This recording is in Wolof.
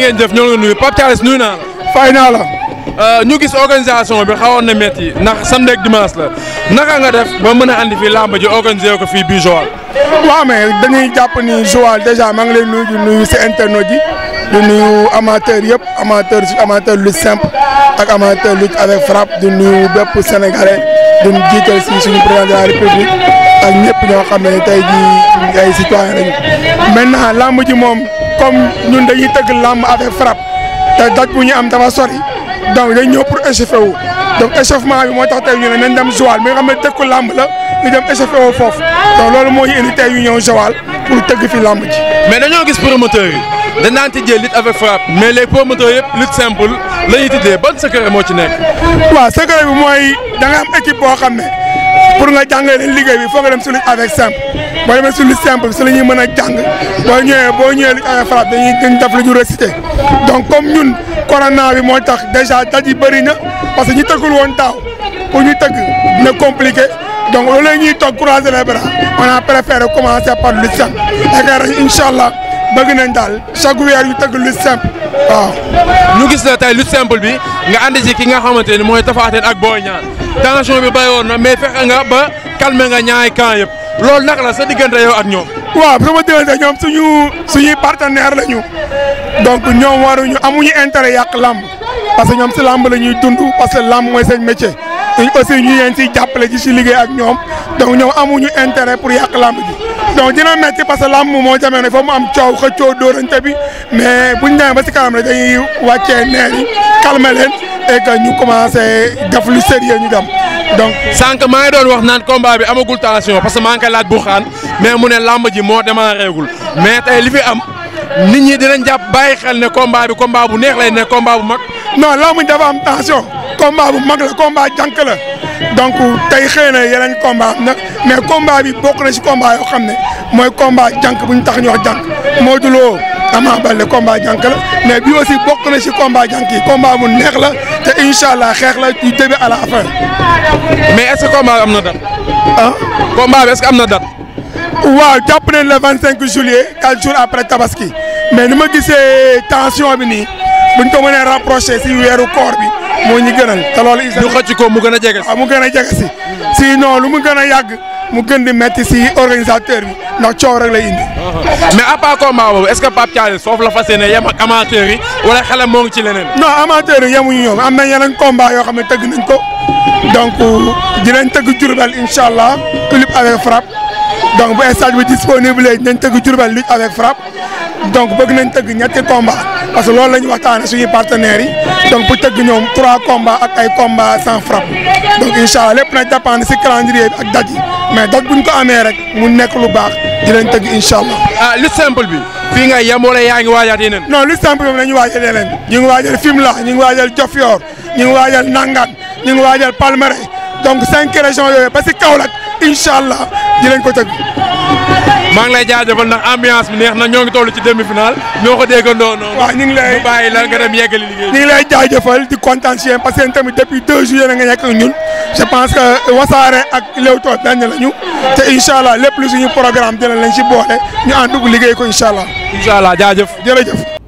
ngeen jëf ñoo ngi nuyu Pape Thialis nuyu naa la. Euh, ñu gis organisation bi xawoon na métti ndax samedi ak dimanche la naka nga def ba mën a andi fii làmb ji organiser ko fii biir Joal. waaw dañuy jàpp ni Joal dèjà maa ngi lay nuyu si internet yi di nuyu amateur yëpp amateur amateur lutte simple ak amateur lutte avec frappe di nuyu bépp sénégalais di jiital si suñu président de la république ak ñëpp ñoo xam ne tey jii ay citoyen lañu maintenant làmb ji moom. comme ñun dañuy tëgg làmb avec frappe te daj bu ñu am dafa sori donc dañ ñëw pour échauffé wu donc échauffement bi moo tax te ñu ne nañ dem Joal mi nga xam ne dëkku làmb la ñu dem échauffé foofu donc loolu moo ñu indi tey ñu ñëw Joal pour tëgg fi làmb ji. mais dañoo gis promoteur yi dañ daan tijjee lutte avec frappe mais les promoteurs yëpp lutte simple la ñuy tijjee ban secret moo ci nekk. waaw secret bi mooy da nga am équipe boo xam ne pour nga jàngale liggéey bi foo dem si lutte avec simple. boo demee si lu simple si la ñuy mën a jàng boo ñëwee boo ñëwee ay frappe dañuy gën def lu ñu récité donc comme ñun corona bi moo tax dèjà daj yi bëri na parce que ñu tëggul woon taaw pour ñu tëgg dina compliqué donc loolu la ñuy toog croiser les bras on a préféré commencer par lu simple yaakaar nañ incha allah daal chaque weer ñu tëgg lu simple waaw. ñu gis la tey lu simple bi nga ànd ci ki nga xamante ni mooy Tapha Tine ak Boy Niang tension bi béyoon na mais fexe nga ba calmer nga ñaari camp yëpp. loolu naka la sa diggante yow ak ñoom. waaw sama diggante ñoom suñu suñuy partenaire la ñu donc ñoom waruñu amuñu intérêt yàq lamb parce que ñoom si lamb la ñuy dund parce que làmb mooy seen métier ñun aussi ñu leen siy jàppale ci si liggéey ak ñoom donc ñoom amuñu intérêt pour yàq lamb ji donc na metti parce que làmb moo jamee ne fa mu am coow xëccoo dóorante bi mais buñ demee ba si kanam rek dañuy wàccee neer yi calmer leen et que ñu commencé def lu sérieux ñu dem. donc sànq maa ngi doon wax naan combat bi amagul tension parce que maa ngi koy laaj buxaan mais mu ne làmb ji moo démarré gul mais tey li fi am nit ñi dinañ jàpp bàyyi xel ne combat bi combat bu neex lay ne combat bu mag. non làmb ji dafa am tension combat bu mag la combat jànk la donc tey xëy na yeneen combat am na mais combat bi bokk na si combat yoo xam ne mooy combat jànk buñu ñu tax ñu wax jànk Modou Lo Ama Baldé combat jànk la mais bi aussi bokk na si combat jànk yi combat neex la te incha allah xeex la du début à la fin. mais est ce am na date. ah combat bi am na date. waa jàpp nañ le vingt cinq juillet quatre jours après tabaski mais ni ma gisee tension bi nii buñ ko mënee rapproché ci weeru koor bi. moo ñu gënal te loolu. ñu xëcc ko mu gën a jege si mu gën a jege si. sinon lu mu gën a mu gën di métti si organisateur bi ndax coow rek lay indi. Uh-huh. mais à part combat boobu est-ce que Pape foofu la fas yéene yem ak amateur yi wala xelam moo ngi ci leneen. non amateur yi yemuñu ñoom am na yeneen combat yoo xam ne tëgg nañ ko donc dinañ tëgg Diourbel incha allah club avec frappe donc bu stade bi disponible dinañ tëgg Diourbel lutte avec frappe. donc bëgg nañ tëgg ñetti combat parce que loolu la ñu waxtaane suñuy partenaires yi donc bu tëgg ñoom trois combats ak ay combats sans frappe donc incha lépp na dépendre si calendrier ak date yi mais date buñ ko amee rek mu nekk lu baax di leen tëgg incha allah. ah lu bi. fii nga yem yaa ngi waajaat yeneen. non lu simple bi nañu waajal yeneen ñu ngi waajal Fimela ñu ngi waajal Diofior ñu ngi waajal Nangan ñu ngi waajal Palmarin donc cinq régions yooyu ba si Kaolack incha allah di leen ko tëgg. maa ngi lay jaajëfal ndax ambiance bi neex na ñoo ngi toll ci demi final ñoo ko déggandoo noonu. waaw ñu ngi lay ñu bàyyi la nga dem yeggali liggéey. di kontaan si yéen parce que depuis deux jours yéen a ngi nekk ak ñun je pense que wasaare ak Leewtoo benn lañu te incha allah lépp lu suñu programme dina leen ci boole ñu ànd liggéey ko incha allah. incha allah jaajëf jërëjëf.